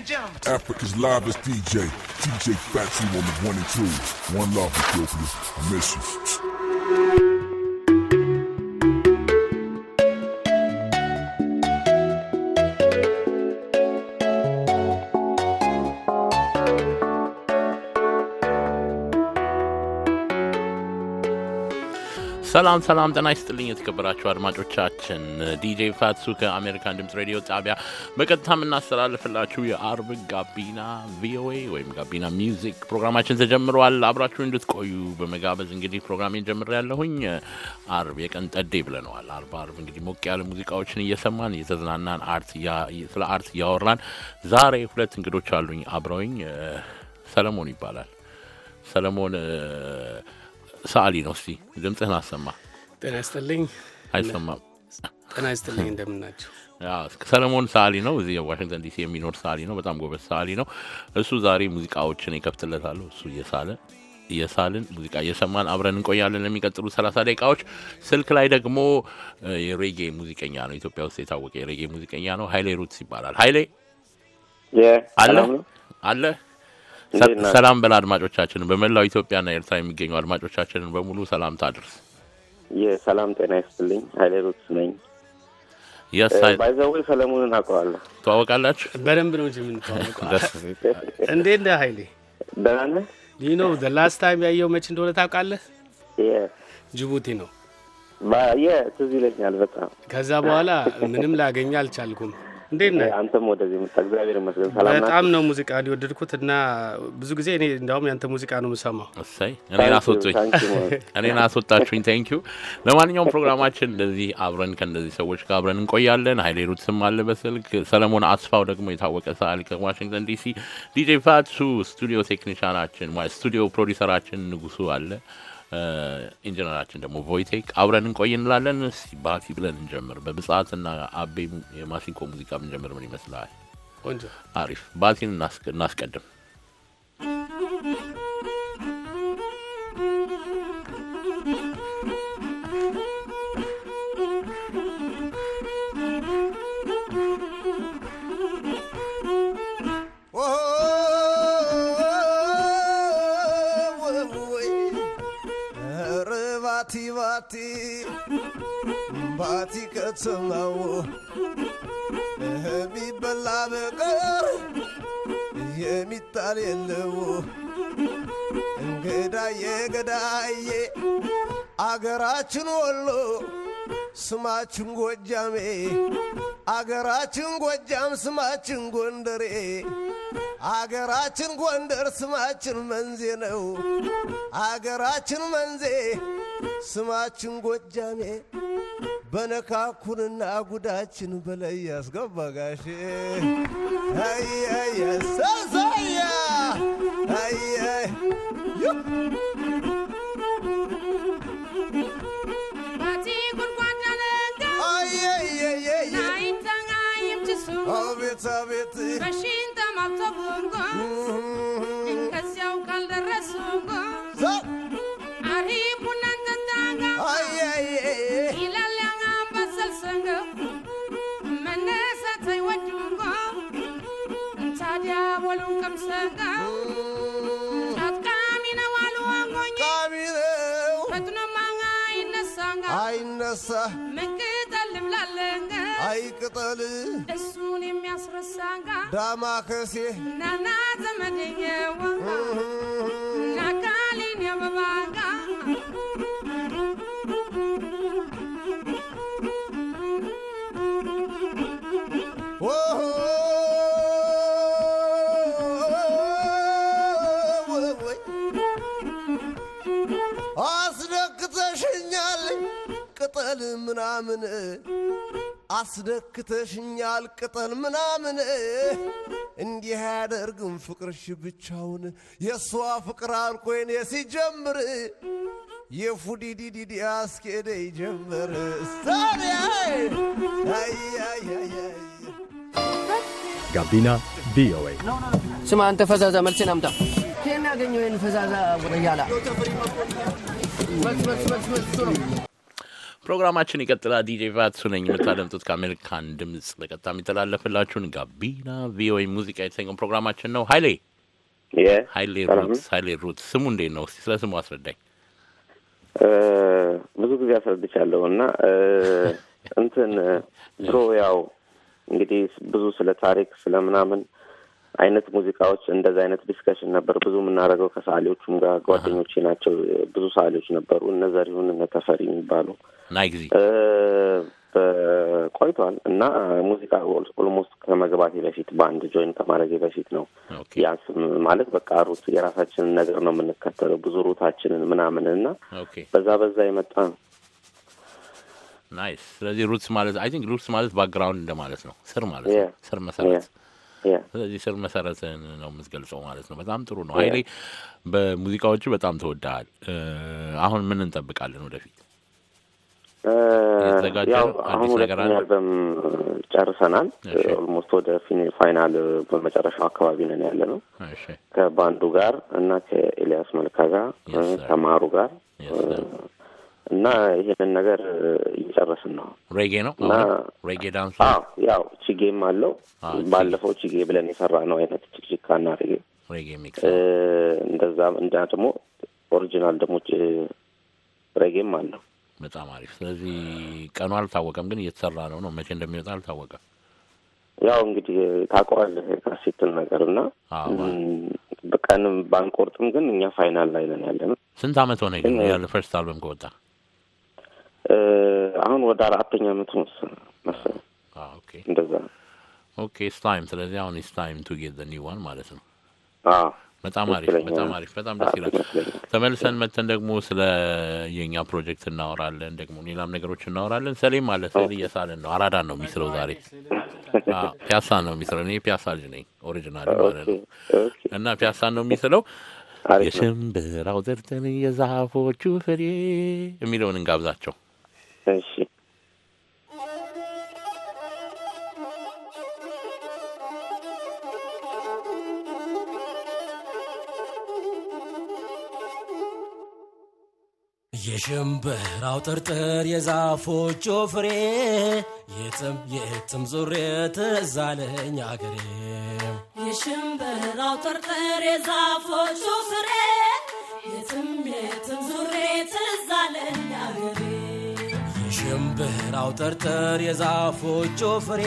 and gentlemen. Africa's livest DJ, DJ Fatu on the one and two. One love with Ethiopia. I miss you. ሰላም ሰላም፣ ጤና ይስጥልኝ የተከበራችሁ አድማጮቻችን። ዲጄ ፋትሱ ከአሜሪካን ድምፅ ሬዲዮ ጣቢያ በቀጥታ የምናስተላልፍላችሁ የአርብ ጋቢና ቪኦኤ ወይም ጋቢና ሚውዚክ ፕሮግራማችን ተጀምረዋል። አብራችሁ እንድትቆዩ በመጋበዝ እንግዲህ ፕሮግራሜን ያለሁኝ አርብ የቀን ጠዴ ብለነዋል። አርብ አርብ እንግዲህ ሞቅ ያለ ሙዚቃዎችን እየሰማን እየተዝናናን፣ ስለ አርት እያወራን ዛሬ ሁለት እንግዶች አሉኝ አብረውኝ። ሰለሞን ይባላል ሰለሞን ሰዓሊ ነው። እስቲ ድምፅህን አሰማ። ጤና ይስጥልኝ። አይሰማም። ጤና ይስጥልኝ። እንደምናቸው ሰለሞን ሰዓሊ ነው። እዚህ ዋሽንግተን ዲሲ የሚኖር ሰዓሊ ነው። በጣም ጎበዝ ሰዓሊ ነው። እሱ ዛሬ ሙዚቃዎችን ይከፍትለታለሁ። እሱ እየሳለ እየሳልን ሙዚቃ እየሰማን አብረን እንቆያለን ለሚቀጥሉ ሰላሳ ደቂቃዎች። ስልክ ላይ ደግሞ የሬጌ ሙዚቀኛ ነው። ኢትዮጵያ ውስጥ የታወቀ የሬጌ ሙዚቀኛ ነው። ሀይሌ ሩትስ ይባላል። ሀይሌ አለ አለ ሰላም በላ አድማጮቻችን በመላው ኢትዮጵያና ኤርትራ የሚገኙ አድማጮቻችንን በሙሉ ሰላም ታድርስ የሰላም ጤና ይስጥልኝ። ሀይሌ ሩት ነኝ። ባይዘወይ ሰለሞንን አውቀዋለሁ። ተዋወቃላችሁ? በደንብ ነው እንጂ የምንተዋወቀው። እንዴት ነህ ሀይሌ? ደህና ይህ ነው ላስት ታይም ያየው መች እንደሆነ ታውቃለህ? ጅቡቲ ነው። ትዝ ይለኛል በጣም። ከዛ በኋላ ምንም ላገኘ አልቻልኩም። እንዴት ነህ? አንተም ወደዚህ መጣ። እግዚአብሔር ይመስገን ሰላም በጣም ነው ሙዚቃ የወደድኩት እና ብዙ ጊዜ እኔ እንዲያውም ያንተ ሙዚቃ ነው የምሰማው። እሰይ እኔን አስወጡኝ፣ እኔን አስወጣችሁኝ። ታንኪዩ። ለማንኛውም ፕሮግራማችን እንደዚህ አብረን ከእንደዚህ ሰዎች ጋር አብረን እንቆያለን። ሀይሌ ሩትስም አለ በስልክ ሰለሞን አስፋው ደግሞ የታወቀ ሰዓሊ ከዋሽንግተን ዲሲ፣ ዲጄ ፋቱ ስቱዲዮ ቴክኒሻናችን ስቱዲዮ ፕሮዲሰራችን ንጉሱ አለ ኢንጂነራችን uh, ደግሞ ቮይቴክ አብረን እንቆይ እንላለን። እስኪ ባፊ ብለን እንጀምር። በብጻትና አቤ የማሲንኮ ሙዚቃ ብንጀምር ምን ይመስላል? አሪፍ። ባፊን እናስቀድም። Buffalo. ስማችን ጎጃሜ አገራችን ጎጃም ስማችን ጎንደሬ አገራችን ጎንደር ስማችን መንዜ ነው አገራችን መንዜ ስማችን ጎጃሜ በነካኩንና ጉዳችን በላይ ያስገባ ጋሼ ሰሰያ አይ አይ ዳማከሴ ናና ዘመድየዋ ናካሊን የበባጋ አስደክተሽኛል ቅጠል ምናምን አስደክተሽኛል ቅጠል ምናምን እንዲህ አያደርግም ፍቅርሽ ብቻውን የእሷ ፍቅር አልኮይን ሲጀምር የፉዲዲዲዲ አስኬደ ይጀምር ጋቢና ቪኦኤ ስማ አንተ ፈዛዛ መልሴን አምጣ ይህን ያገኘው ይህን ፈዛዛ ቁጥያላ ፕሮግራማችን ይቀጥላል። ዲጄ ቫትሱ ነኝ። የምታደምጡት ከአሜሪካን ድምፅ በቀጥታ የሚተላለፍላችሁን ጋቢና ቪኦኤ ሙዚቃ የተሰኘው ፕሮግራማችን ነው። ሀይሌ ሀይሌ ሩት ሀይሌ ሩት ስሙ እንዴት ነው? ስለ ስሙ አስረዳኝ። ብዙ ጊዜ አስረድቻለሁ እና እንትን ድሮ ያው እንግዲህ ብዙ ስለ ታሪክ ስለ ምናምን አይነት ሙዚቃዎች እንደዚህ አይነት ዲስከሽን ነበር ብዙ የምናደርገው ከሰዓሊዎቹም ጋር ጓደኞቼ ናቸው። ብዙ ሰዓሊዎች ነበሩ እነ ዘሪሁን እነ ተፈሪ የሚባሉ ናይ ቆይቷል እና ሙዚቃ ኦልሞስት ከመግባቴ በፊት በአንድ ጆይን ከማድረጌ በፊት ነው። ያንስ ማለት በቃ ሩት የራሳችንን ነገር ነው የምንከተለው ብዙ ሩታችንን ምናምን እና በዛ በዛ የመጣ ነው። ናይስ። ስለዚህ ሩትስ ማለት አይ ቲንክ ሩትስ ማለት ባክግራውንድ እንደማለት ነው። ስር ማለት ነው። ስር መሰረት ስለዚህ ስር መሰረትን ነው የምትገልጸው ማለት ነው። በጣም ጥሩ ነው ኃይሌ። በሙዚቃዎቹ በጣም ተወዳሃል። አሁን ምን እንጠብቃለን ወደፊት? አሁን ሁለተኛ አልበም ጨርሰናል። ኦልሞስት ወደ ፋይናል በመጨረሻው አካባቢ ነን ያለ ነው ከባንዱ ጋር እና ከኤልያስ መልካ ጋር ከማሩ ጋር እና ይህንን ነገር እየጨረስን ነው። ሬጌ ነው እና ሬጌ ዳንሱ ያው ችጌም አለው። ባለፈው ችጌ ብለን የሰራ ነው አይነት ችክችካና ሬጌ ሬጌ ሚክስ እንደዛ እንዳ ደግሞ ኦሪጂናል ደግሞ ሬጌም አለው። በጣም አሪፍ። ስለዚህ ቀኑ አልታወቀም፣ ግን እየተሰራ ነው ነው መቼ እንደሚወጣ አልታወቀም። ያው እንግዲህ ታውቀዋለህ ካሴትን ነገር እና በቀንም ባንቆርጥም ግን እኛ ፋይናል ላይ ነን ያለ ነው። ስንት አመት ሆነ ግን ፈርስት አልበም ከወጣ? አሁን ወደ አራተኛ አመቱ መሰለኝ። እንደዛ ነው። ኦኬ ኢትስ ታይም። ስለዚህ አሁን ኢትስ ታይም ቱ ጌት ዘ ኒው ዋን ማለት ነው። በጣም አሪፍ፣ በጣም አሪፍ፣ በጣም ደስ ይላል። ተመልሰን መተን ደግሞ ስለ የእኛ ፕሮጀክት እናወራለን፣ ደግሞ ሌላም ነገሮች እናወራለን። ሰሌም ማለት ስዕል እየሳልን ነው። አራዳን ነው የሚስለው ዛሬ ፒያሳን ነው የሚስለው። እኔ ፒያሳ ልጅ ነኝ ኦሪጂናል ማለት ነው። እና ፒያሳን ነው የሚስለው። የሽምብራው ዘርተን የዛፎቹ ፍሬ የሚለውን እንጋብዛቸው። የሽምብራው ጥርጥር የዛፎቹ ፍሬ የትም የትም ዙሬ ትዛለኝ አገሬ የሽምብራው ጥርጥር የዛፎቹ ፍሬ የትም የትም ዙሬ ትዛለኝ አገሬ የሽምብራው ጥርጥር የዛፎቹ ፍሬ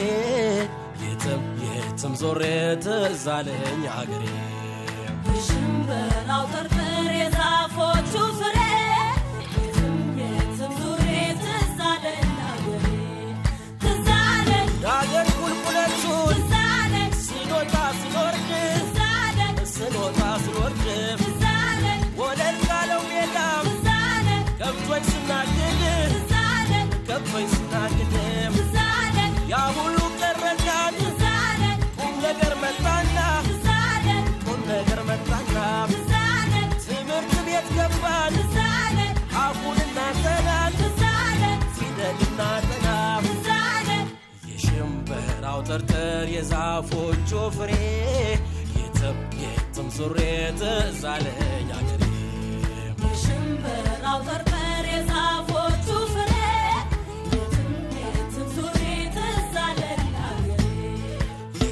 የትም የትም ዙሬ ትዛለኝ አገሬ ፈርተር የዛፎቹ ፍሬ የትም የትም ዙሬ ትዛለኝ አገሬ ፈርተር የዛፎቹ ፍሬ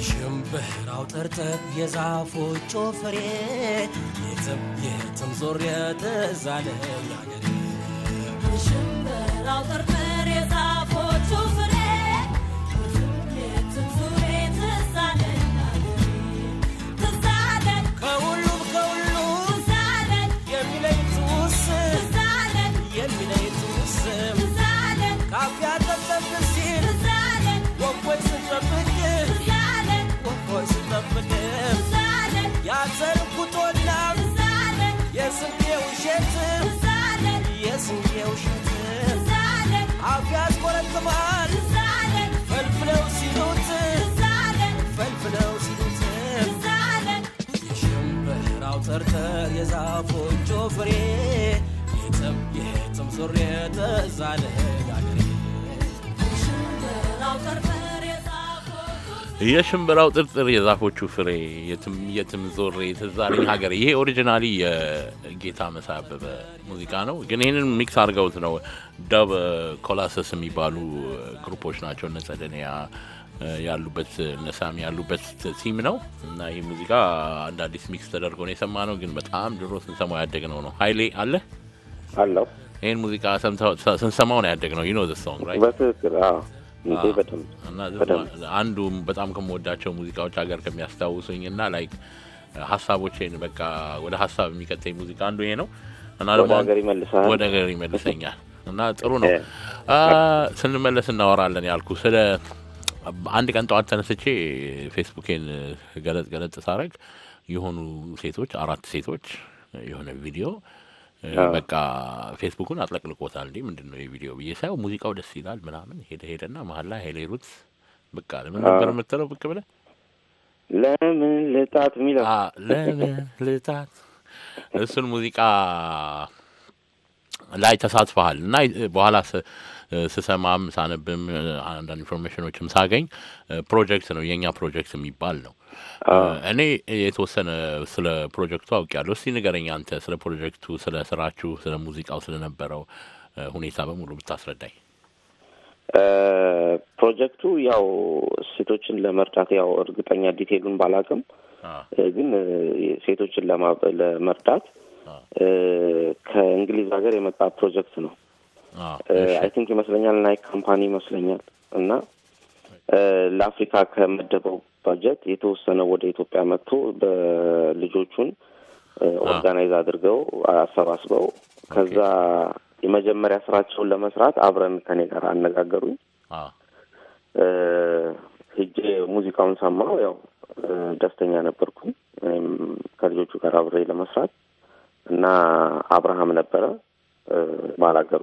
ሽምብራው የዛፎቹ ፍሬ የትም የትም ዞሬ ትዛለኝ አገሬ የሽምብራው ጥርጥር የዛፎቹ ፍሬ የትም የትም ዞሬ ትዛለኝ ሀገር። ይሄ ኦሪጂናሊ የጌታ መሳይ አበበ ሙዚቃ ነው፣ ግን ይህንን ሚክስ አድርገውት ነው ደብ ኮላሰስ የሚባሉ ግሩፖች ናቸው። እነ ጸደኒያ ያሉበት እነ ሳሚ ያሉበት ቲም ነው እና ይህ ሙዚቃ አንድ አዲስ ሚክስ ተደርጎ ነው የሰማ ነው፣ ግን በጣም ድሮ ስንሰማው ያደግ ነው። ነው ሀይሌ አለ አለው ይህን ሙዚቃ ስንሰማው ነው ያደግነው። ዩ ኖ ዘ ሶንግ ራይት በትክክል አንዱ በጣም ከምወዳቸው ሙዚቃዎች ሀገር ከሚያስታውሱኝ እና ላይክ ሀሳቦቼን በቃ ወደ ሀሳብ የሚቀጠኝ ሙዚቃ አንዱ ይሄ ነው እና ደግሞ ወደ ሀገር ይመልሰኛል እና ጥሩ ነው። ስንመለስ እናወራለን ያልኩ ስለ አንድ ቀን ጠዋት ተነስቼ ፌስቡኬን ገለጥ ገለጥ ሳረግ የሆኑ ሴቶች አራት ሴቶች የሆነ ቪዲዮ በቃ ፌስቡኩን አጥለቅልቆታል። እንዲህ ምንድን ነው የቪዲዮ ብዬ ሳየው ሙዚቃው ደስ ይላል ምናምን ሄደ ሄደና መሀል ላይ ሀይሌ ሩት በቃ ለምን ነበር የምትለው ብቅ ብለህ ለምን ልጣት የሚለው ለምን ልጣት እሱን ሙዚቃ ላይ ተሳትፈሃል እና በኋላ ስሰማም ሳነብም አንዳንድ ኢንፎርሜሽኖችም ሳገኝ ፕሮጀክት ነው የእኛ ፕሮጀክት የሚባል ነው። እኔ የተወሰነ ስለ ፕሮጀክቱ አውቄያለሁ። እስቲ ንገረኝ አንተ ስለ ፕሮጀክቱ፣ ስለ ስራችሁ፣ ስለ ሙዚቃው ስለነበረው ሁኔታ በሙሉ ብታስረዳኝ። ፕሮጀክቱ ያው ሴቶችን ለመርዳት ያው እርግጠኛ ዲቴሉን ባላውቅም ግን ሴቶችን ለመርዳት ከእንግሊዝ ሀገር የመጣ ፕሮጀክት ነው። አይንክ ይመስለኛል ናይክ ካምፓኒ ይመስለኛል እና ለአፍሪካ ከመደበው ባጀት የተወሰነ ወደ ኢትዮጵያ መጥቶ በልጆቹን ኦርጋናይዝ አድርገው አሰባስበው ከዛ የመጀመሪያ ስራቸውን ለመስራት አብረን ከኔ ጋር አነጋገሩኝ። ሄጄ ሙዚቃውን ሰማሁ። ያው ደስተኛ ነበርኩኝ እኔም ከልጆቹ ጋር አብሬ ለመስራት እና አብርሃም ነበረ ባላገሩ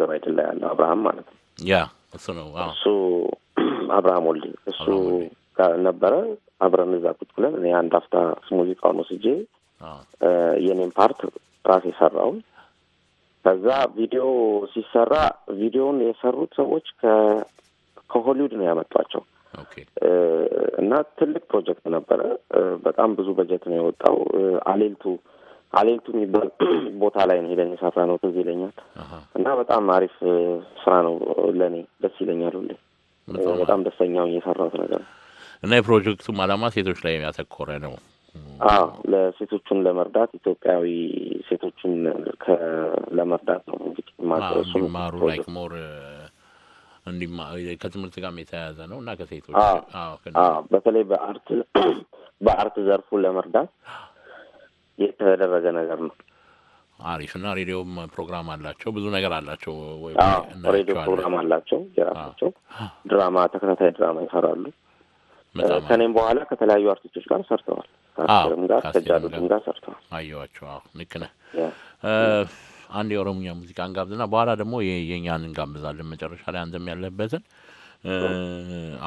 ዘመድ ላይ ያለው አብርሃም ማለት ነው። ያ እሱ ነው እሱ አብርሃም ወልዴ እሱ ጋር ነበረ። አብረን እዛ ቁጭ ብለን እኔ አንድ አፍታ ሙዚቃውን ወስጄ የኔን ፓርት ራሴ የሰራውን ከዛ ቪዲዮ ሲሰራ ቪዲዮውን የሰሩት ሰዎች ከሆሊውድ ነው ያመጧቸው እና ትልቅ ፕሮጀክት ነበረ። በጣም ብዙ በጀት ነው የወጣው። አሌልቱ አሌንቱ የሚባል ቦታ ላይ ነው ሄደን የሳፍራ ነው። ትዝ ይለኛል እና በጣም አሪፍ ስራ ነው። ለእኔ ደስ ይለኛል። ሁሌ በጣም ደስተኛው የሰራት ነገር ነው እና የፕሮጀክቱም አላማ ሴቶች ላይ ያተኮረ ነው። አዎ ለሴቶቹን ለመርዳት ኢትዮጵያዊ ሴቶቹን ለመርዳት ነው እንግዲህ ማሩ ላይክ ሞር ከትምህርት ጋርም የተያያዘ ነው እና ከሴቶች በተለይ በአርት በአርት ዘርፉ ለመርዳት የተደረገ ነገር ነው። አሪፍ እና ሬዲዮም ፕሮግራም አላቸው። ብዙ ነገር አላቸው። ሬዲዮ ፕሮግራም አላቸው የራሳቸው ድራማ፣ ተከታታይ ድራማ ይሰራሉ። ከኔም በኋላ ከተለያዩ አርቲስቶች ጋር ሰርተዋል። ከአስቴርም ጋር ከጃሉድም ጋር ሰርተዋል። አየዋቸው። አዎ ንክነ አንድ የኦሮምኛ ሙዚቃ እንጋብዝና በኋላ ደግሞ የእኛን እንጋብዛለን። መጨረሻ ላይ አንተም ያለበትን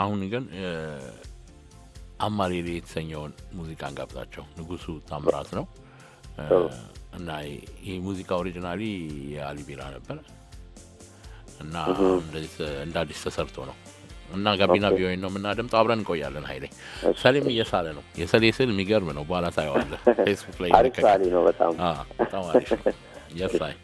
አሁን ግን አማሌሌ የተሰኘውን ሙዚቃ እንጋብዛቸው። ንጉሱ ታምራት ነው እና ይህ ሙዚቃ ኦሪጂናሊ የአሊቢራ ነበር እና እንደ አዲስ ተሰርቶ ነው እና ጋቢና ቢሆን ነው የምናደምጠው። አብረን እንቆያለን። ሀይሌ ሰሌም እየሳለ ነው። የሰሌ ስል የሚገርም ነው። በኋላ ታየዋለህ። ፌስቡክ ላይ ነው። በጣም በጣም አሪፍ ነው። የሳይ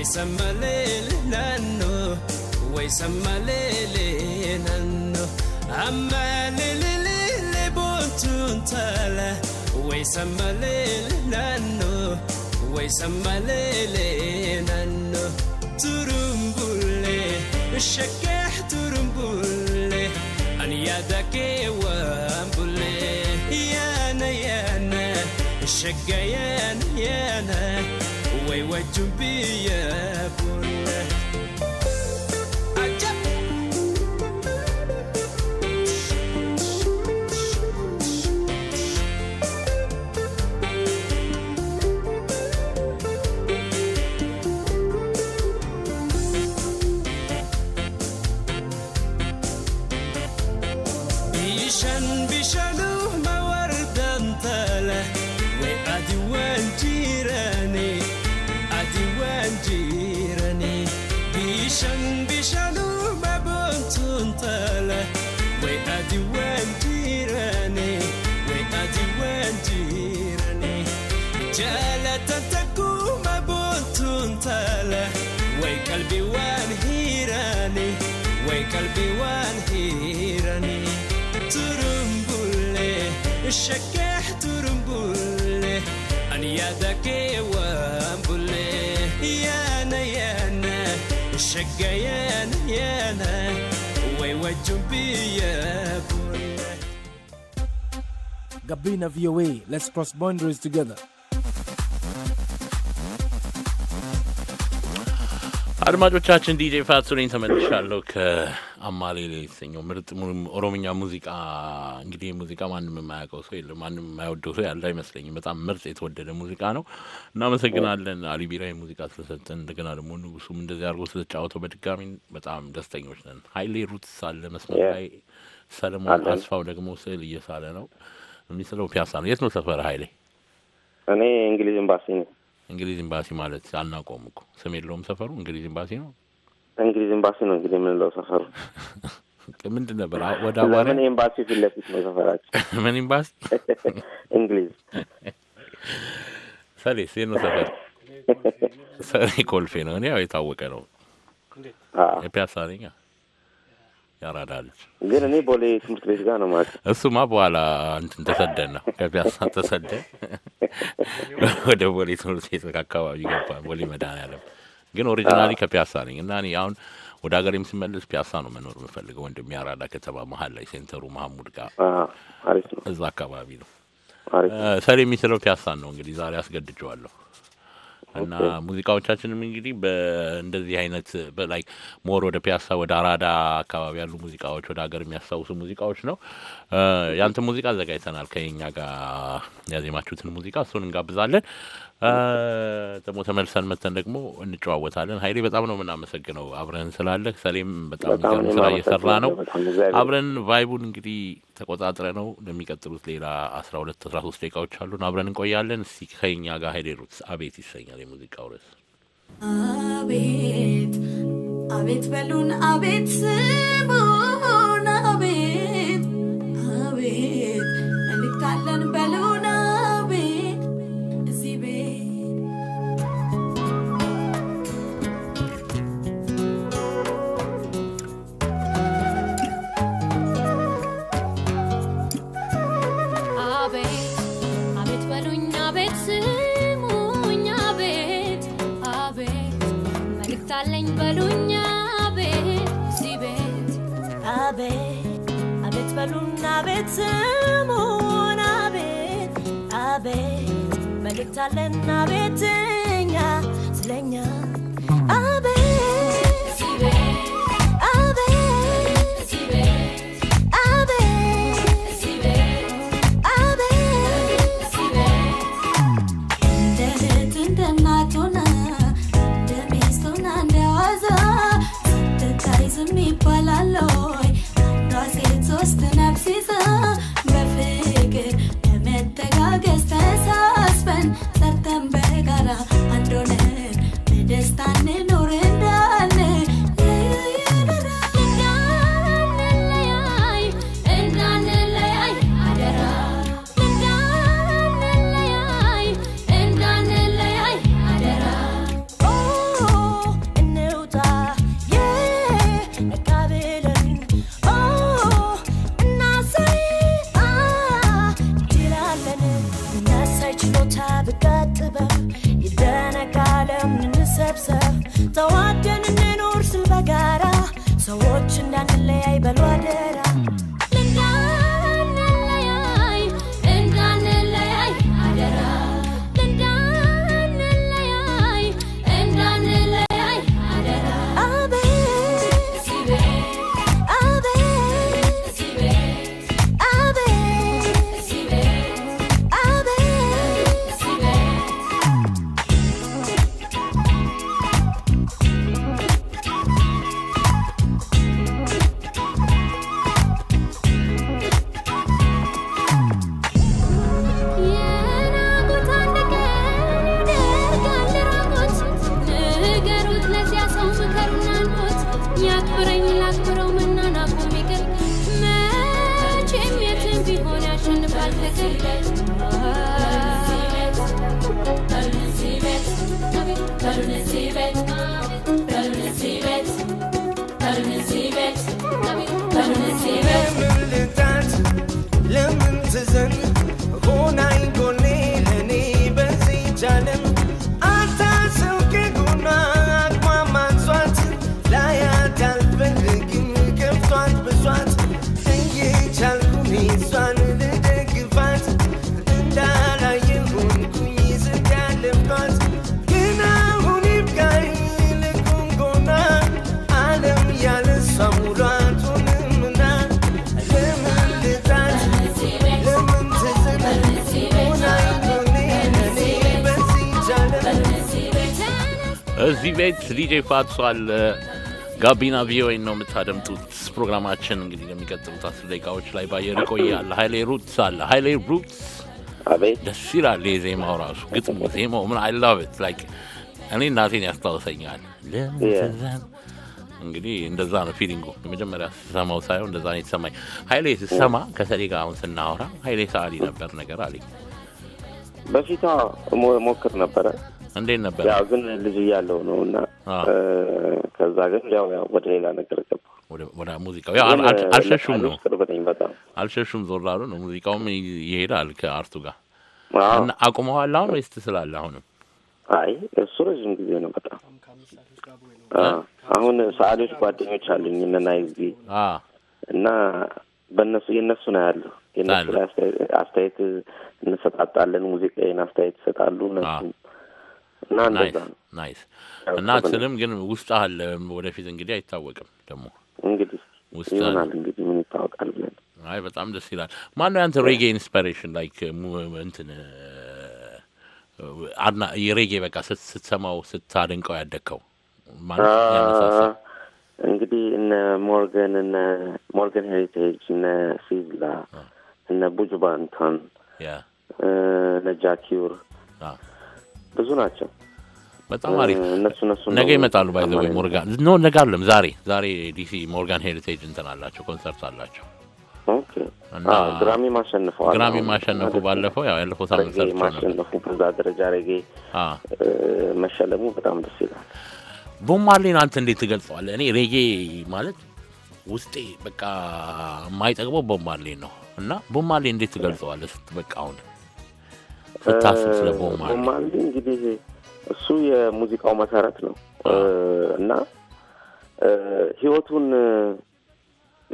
ويسمى ليل نانو ويسمى ليلي نانو أما ليلي ليل بوتون تالا ويسمى ليل نانو ويسمى ليلي نانو ترمبولي الشكاح ترمبولي أن يدك وامبولي يانا يانا الشقيان يانا way wajjin biyya boona. Bishaan bishaanuu mawarraan taala, wayi ฉันดิฉันมาบนทุนเธอละไว้อาดิวันที่ระเนไว้อาดิวันที่ระเนจะละตันตะกูมาบนทุนเธอละไว้คัลบิวันฮีระเนไว้คัลบิวันฮีระเนตุรุมบุลเลชักแกตุรุมบุลเลอันยาดะเกวันบุลเล Yeah. شقيان يانا Gabina VOA, let's cross boundaries together. አድማጮቻችን ዲጄ ፋቱ ነኝ። ተመልሻለሁ ከአማሌ የተሰኘው ምርጥ ኦሮምኛ ሙዚቃ። እንግዲህ ሙዚቃ ማንም የማያውቀው ሰው የለም፣ ማንም የማይወደው ሰው ያለ አይመስለኝም። በጣም ምርጥ የተወደደ ሙዚቃ ነው። እናመሰግናለን አሊ ሙዚቃ ስለሰጠን፣ እንደገና ደግሞ ንጉሱም እንደዚህ አድርጎ ስለተጫወተው በድጋሚ በጣም ደስተኞች ነን። ሀይሌ ሩት ሳለ መስመር ላይ፣ ሰለሞን አስፋው ደግሞ ስዕል እየሳለ ነው የሚስለው። ፒያሳ ነው። የት ነው ሰፈረ ሀይሌ? እኔ እንግሊዝ ኤምባሲ ነው። እንግሊዝ ኤምባሲ ማለት አናውቀውም እኮ ስም የለውም ሰፈሩ። እንግሊዝ ኤምባሲ ነው። እንግሊዝ ኤምባሲ ነው እንግዲህ የምንለው ሰፈሩ ምንድን ነበር? ወደ አዋሪ ምን ኤምባሲ ፊት ለፊት ነው ሰፈራቸው። ምን ኤምባሲ እንግሊዝ ሰሌ ሴ ነው ሰፈር ሰሌ ኮልፌ ነው። እኔ ያው የታወቀ ነው። ፒያሳ ነኛ ያራዳል። ግን እኔ ቦሌ ትምህርት ቤት ጋር ነው ማለት እሱማ በኋላ እንትን ተሰደን ነው ከፒያሳ ተሰደን ወደ ቦሌ ትምህርት ቤት አካባቢ ገባ ቦሌ መድኃኒዓለም ግን ኦሪጂናሊ ከፒያሳ ነኝ እና እኔ አሁን ወደ ሀገሬም ስመለስ ፒያሳ ነው መኖር የምፈልገው ወንድሜ አራዳ ከተማ መሀል ላይ ሴንተሩ መሀሙድ ጋር እዛ አካባቢ ነው ሰሌ የሚስለው ፒያሳን ነው እንግዲህ ዛሬ አስገድጀዋለሁ እና ሙዚቃዎቻችንም እንግዲህ እንደዚህ አይነት በላይ ሞር ወደ ፒያሳ ወደ አራዳ አካባቢ ያሉ ሙዚቃዎች ወደ ሀገር የሚያስታውሱ ሙዚቃዎች ነው። ያንተ ሙዚቃ አዘጋጅተናል ከኛ ጋር ያዜማችሁትን ሙዚቃ እሱን እንጋብዛለን። ደግሞ ተመልሰን መተን ደግሞ እንጨዋወታለን። ሀይሌ በጣም ነው የምናመሰግነው አብረን ስላለህ። ሰሌም በጣም የሚገርም ስራ እየሰራ ነው። አብረን ቫይቡን እንግዲህ ተቆጣጥረ ነው ለሚቀጥሉት ሌላ አስራ ሁለት አስራ ሶስት ደቂቃዎች አሉን። አብረን እንቆያለን። እስቲ ከኛ ጋር ሀይሌ ሩት አቤት ይሰኛል የሙዚቃው ርዕስ። አቤት አቤት በሉን አቤት ስሙ one. ናይት ዲጄ ፋትሷል። ጋቢና ቪኦኤ ነው የምታደምጡት። ፕሮግራማችን እንግዲህ የሚቀጥሉት አስር ደቂቃዎች ላይ ባየር ይቆያል። ሀይሌ ሩትስ አለ። ሀይሌ ሩትስ ደስ ይላል። የዜማው ራሱ ግጥሙ፣ ዜማው ምን አይ ላቭ ኢት ላይክ እኔ እናቴን ያስታውሰኛል። እንግዲህ እንደዛ ነው ፊሊንጉ። የመጀመሪያ ስሰማው ሳየው እንደዛ ነው የተሰማኝ። ሀይሌ ስሰማ ከሰሌ ጋር አሁን ስናወራ ሀይሌ ሰዓሊ ነበር ነገር አለኝ። በፊቷ ሞክር ነበረ እንዴት ነበር? ያው ግን ልጅ እያለሁ ነው እና ከዛ ግን ያው ያው ወደ ሌላ ነገር ገባ። ወደ ሙዚቃው ያው አልሸሹም ነው አልሸሹም፣ ዞር አሉ ነው ሙዚቃውም ይሄዳል ከአርቱ ጋር እና አቁመዋል አሁን ወይስ ትስላለህ አሁንም? አይ እሱ ረዥም ጊዜ ነው በጣም አሁን ሰዓሊዎች ጓደኞች አሉኝ እነና ይዚ እና በእነሱ የእነሱ ነው ያለሁ የእነሱ ላይ አስተያየት እንሰጣጣለን ሙዚቃዬን አስተያየት ይሰጣሉ እነሱ እና እንደዛ ነው። ናይስ እና አክስልም ግን ውስጥ አለ። ወደፊት እንግዲህ አይታወቅም ደግሞ እንግዲህ ውስጥ ይሆናል እንግዲህ ምን ይታወቃል ብለን። አይ በጣም ደስ ይላል። ማን ነው ያንተ ሬጌ ኢንስፓሬሽን ላይክ እንትን አድና የሬጌ በቃ ስትሰማው ስታደንቀው ያደግከው እንግዲህ እነ ሞርገን እነ ሞርገን ሄሪቴጅ እነ ሲዝላ እነ ቡጅባንቶን እነ ጃኪር ብዙ ናቸው። በጣም አሪፍ እነሱ እነሱ ነገ ይመጣሉ። ወይ ሞርጋን ኖ ነገ አለም ዛሬ ዛሬ ዲሲ ሞርጋን ሄሪቴጅ እንትን አላቸው ኮንሰርት አላቸው። ግራሚ ማሸንፉ ግራሚ ማሸነፉ ባለፈው ያው ያለፈው ሳምንት ሰርቶ ማሸነፉ በዛ ደረጃ ረጌ መሸለሙ በጣም ደስ ይላል። ቦብ ማርሊን አንተ እንዴት ትገልጸዋለህ? እኔ ሬጌ ማለት ውስጤ በቃ የማይጠግበው ቦብ ማርሊን ነው እና ቦብ ማርሊን እንዴት ትገልጸዋለህ? ስት በቃ አሁን ፍታስፍ እንግዲህ እሱ የሙዚቃው መሰረት ነው እና ህይወቱን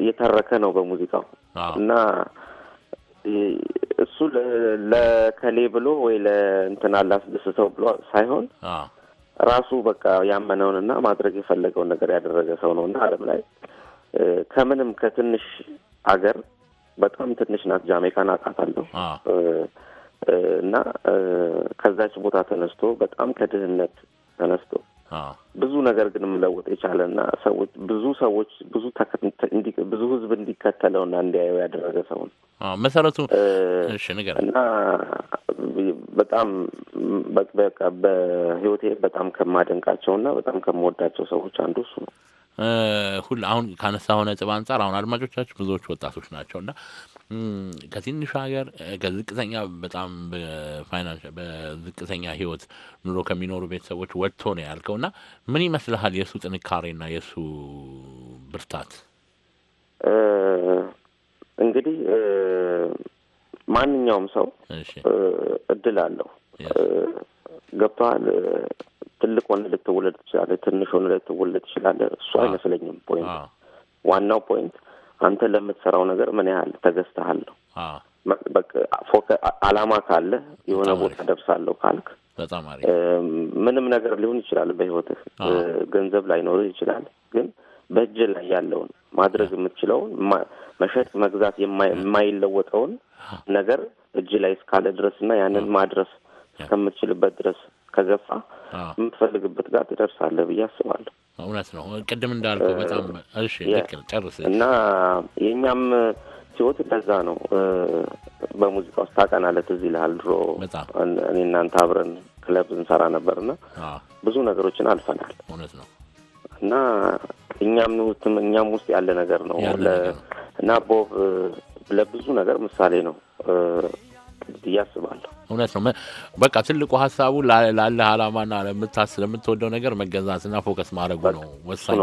እየተረከ ነው በሙዚቃው እና እሱ ለከሌ ብሎ ወይ ለእንትና ላስደስተው ብሎ ሳይሆን ራሱ በቃ ያመነውንና ማድረግ የፈለገውን ነገር ያደረገ ሰው ነው እና አለም ላይ ከምንም ከትንሽ አገር በጣም ትንሽ ናት ጃሜካን አውቃታለሁ። እና ከዛች ቦታ ተነስቶ በጣም ከድህነት ተነስቶ ብዙ ነገር ግን መለወጥ የቻለ እና ሰዎች ብዙ ሰዎች ብዙ ብዙ ህዝብ እንዲከተለው እና እንዲያየው ያደረገ ሰው ነው። መሰረቱ እና በጣም በቃ በህይወቴ በጣም ከማደንቃቸው እና በጣም ከምወዳቸው ሰዎች አንዱ እሱ ነው። አሁን አሁን ሆነ ጽብ አንጻር አሁን አድማጮቻችን ብዙዎች ወጣቶች ናቸው እና ከትንሽ ሀገር ከዝቅተኛ በጣም በዝቅተኛ ህይወት ኑሮ ከሚኖሩ ቤተሰቦች ወጥቶ ነው ያልከው እና ምን ይመስልሃል የእሱ ጥንካሬና የእሱ ብርታት? እንግዲህ ማንኛውም ሰው እድል አለው ገብተዋል ትልቅ ሆነ ልትወለድ ትችላለህ፣ ትንሽ ሆነ ልትወለድ ትችላለህ። እሱ አይመስለኝም ፖይንት። ዋናው ፖይንት አንተ ለምትሰራው ነገር ምን ያህል ተገዝተሃል ነው። አላማ ካለ የሆነ ቦታ ደርሳለሁ ካልክ ምንም ነገር ሊሆን ይችላል በህይወትህ፣ ገንዘብ ላይኖርህ ይችላል። ግን በእጅ ላይ ያለውን ማድረግ የምትችለውን መሸጥ፣ መግዛት የማይለወጠውን ነገር እጅ ላይ እስካለ ድረስ እና ያንን ማድረስ እስከምትችልበት ድረስ ከገፋ የምትፈልግበት ጋር ትደርሳለህ ብዬ አስባለሁ። እውነት ነው። ቅድም እንዳልከው በጣም እሺ፣ ልክ ጨርስ እና የእኛም ህይወት እንደዛ ነው። በሙዚቃ ውስጥ ታቀናለት እዚህ ይልሃል ድሮ እኔ እናንተ አብረን ክለብ እንሰራ ነበርና ብዙ ነገሮችን አልፈናል። እውነት ነው እና እኛም ንውትም እኛም ውስጥ ያለ ነገር ነው እና ቦብ ለብዙ ነገር ምሳሌ ነው ብዬ አስባለሁ። እውነት ነው። በቃ ትልቁ ሀሳቡ ላለህ አላማና ለምትወደው ነገር መገዛትና ፎከስ ማድረጉ ነው ወሳኝ።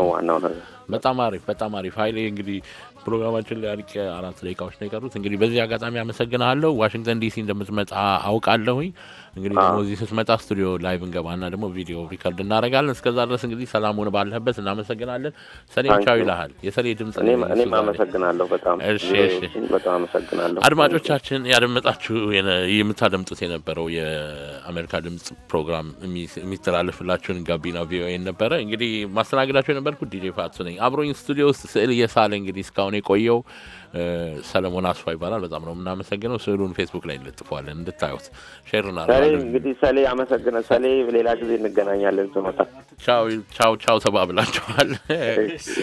በጣም አሪፍ፣ በጣም አሪፍ ኃይሌ። እንግዲህ ፕሮግራማችን ላይ አልቄ አራት ደቂቃዎች ነው የቀሩት። እንግዲህ በዚህ አጋጣሚ አመሰግናለሁ። ዋሽንግተን ዲሲ እንደምትመጣ አውቃለሁኝ። እንግዲህ ደግሞ እዚህ ስትመጣ ስቱዲዮ ላይቭ እንገባና ደግሞ ቪዲዮ ሪከርድ እናደርጋለን። እስከዛ ድረስ እንግዲህ ሰላም ሰላሙን ባለህበት እናመሰግናለን። ሰኔ ቻው ይልሃል የሰኔ ድምጽ። እኔም አመሰግናለሁ በጣም እሺ፣ እሺ፣ በጣም አመሰግናለሁ። አድማጮቻችን ያደመጣችሁ የምታደምጡ ሲያደምጡት የነበረው የአሜሪካ ድምፅ ፕሮግራም የሚተላለፍላችሁን ጋቢና ቪኦኤ ነበረ። እንግዲህ ማስተናገዳቸው የነበርኩት ዲጄ ፋቱ ነኝ። አብሮኝ ስቱዲዮ ውስጥ ስዕል እየሳለ እንግዲህ እስካሁን የቆየው ሰለሞን አስፋ ይባላል። በጣም ነው የምናመሰግነው። ስዕሉን ፌስቡክ ላይ እንለጥፈዋለን እንድታዩት ሼር ና እንግዲህ ሰሌ አመሰግነ ሰሌ ሌላ ጊዜ እንገናኛለን። ስመጣ ቻው ቻው ተባብላችኋል።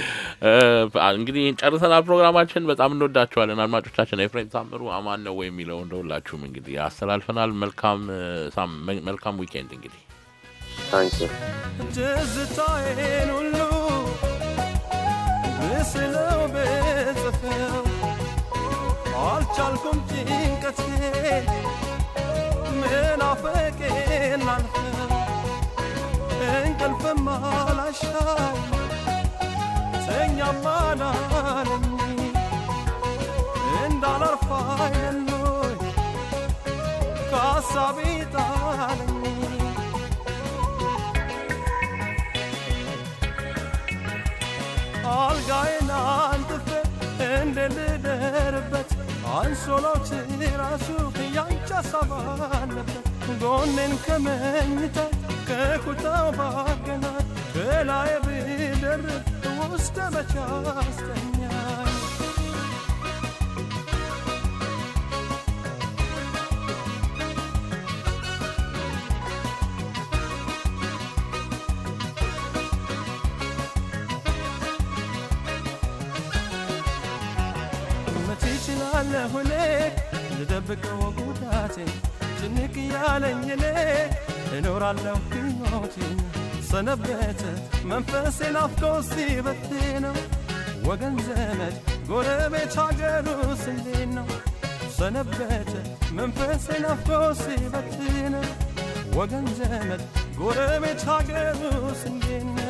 እንግዲህ ጨርሰናል ፕሮግራማችን። በጣም እንወዳችኋለን አድማጮቻችን። ኤፍሬም ታምሩ አማን ነው የሚለው እንደሁላችሁም እንግዲህ አስተላልፈናል። መልካም መልካም ዊኬንድ እንግዲህ ታንኪ شالكم جين كتكين من عفاكين الخير إن قلب ما العشاق سنيا ما نعلمني إن دار رفاين اللوي كعصابي تعلمني አልጋዬን አንጥፌ እንደሌ አንሶላው ራሱ ቅያንጫ ሳባን ነበር ጎኔን ከመኝታ ከኩታው ባገና በላይ ብደርብ ውስጥ መቻስተኛ አለሁ እኔ ልደብቀው ጉዳቴ ጭንቅ ያለኝ እኖራለሁ ሕይወቴን ሰነበተ መንፈሴ ናፍቆ ሲበት ነው ወገን ዘመድ ጎረቤት ሀገሩ ስንዴት ነው ሰነበተ መንፈሴ ናፍቆ ሲበት ነው ወገን ዘመድ ጎረቤት ሀገሩ ስንዴት ነው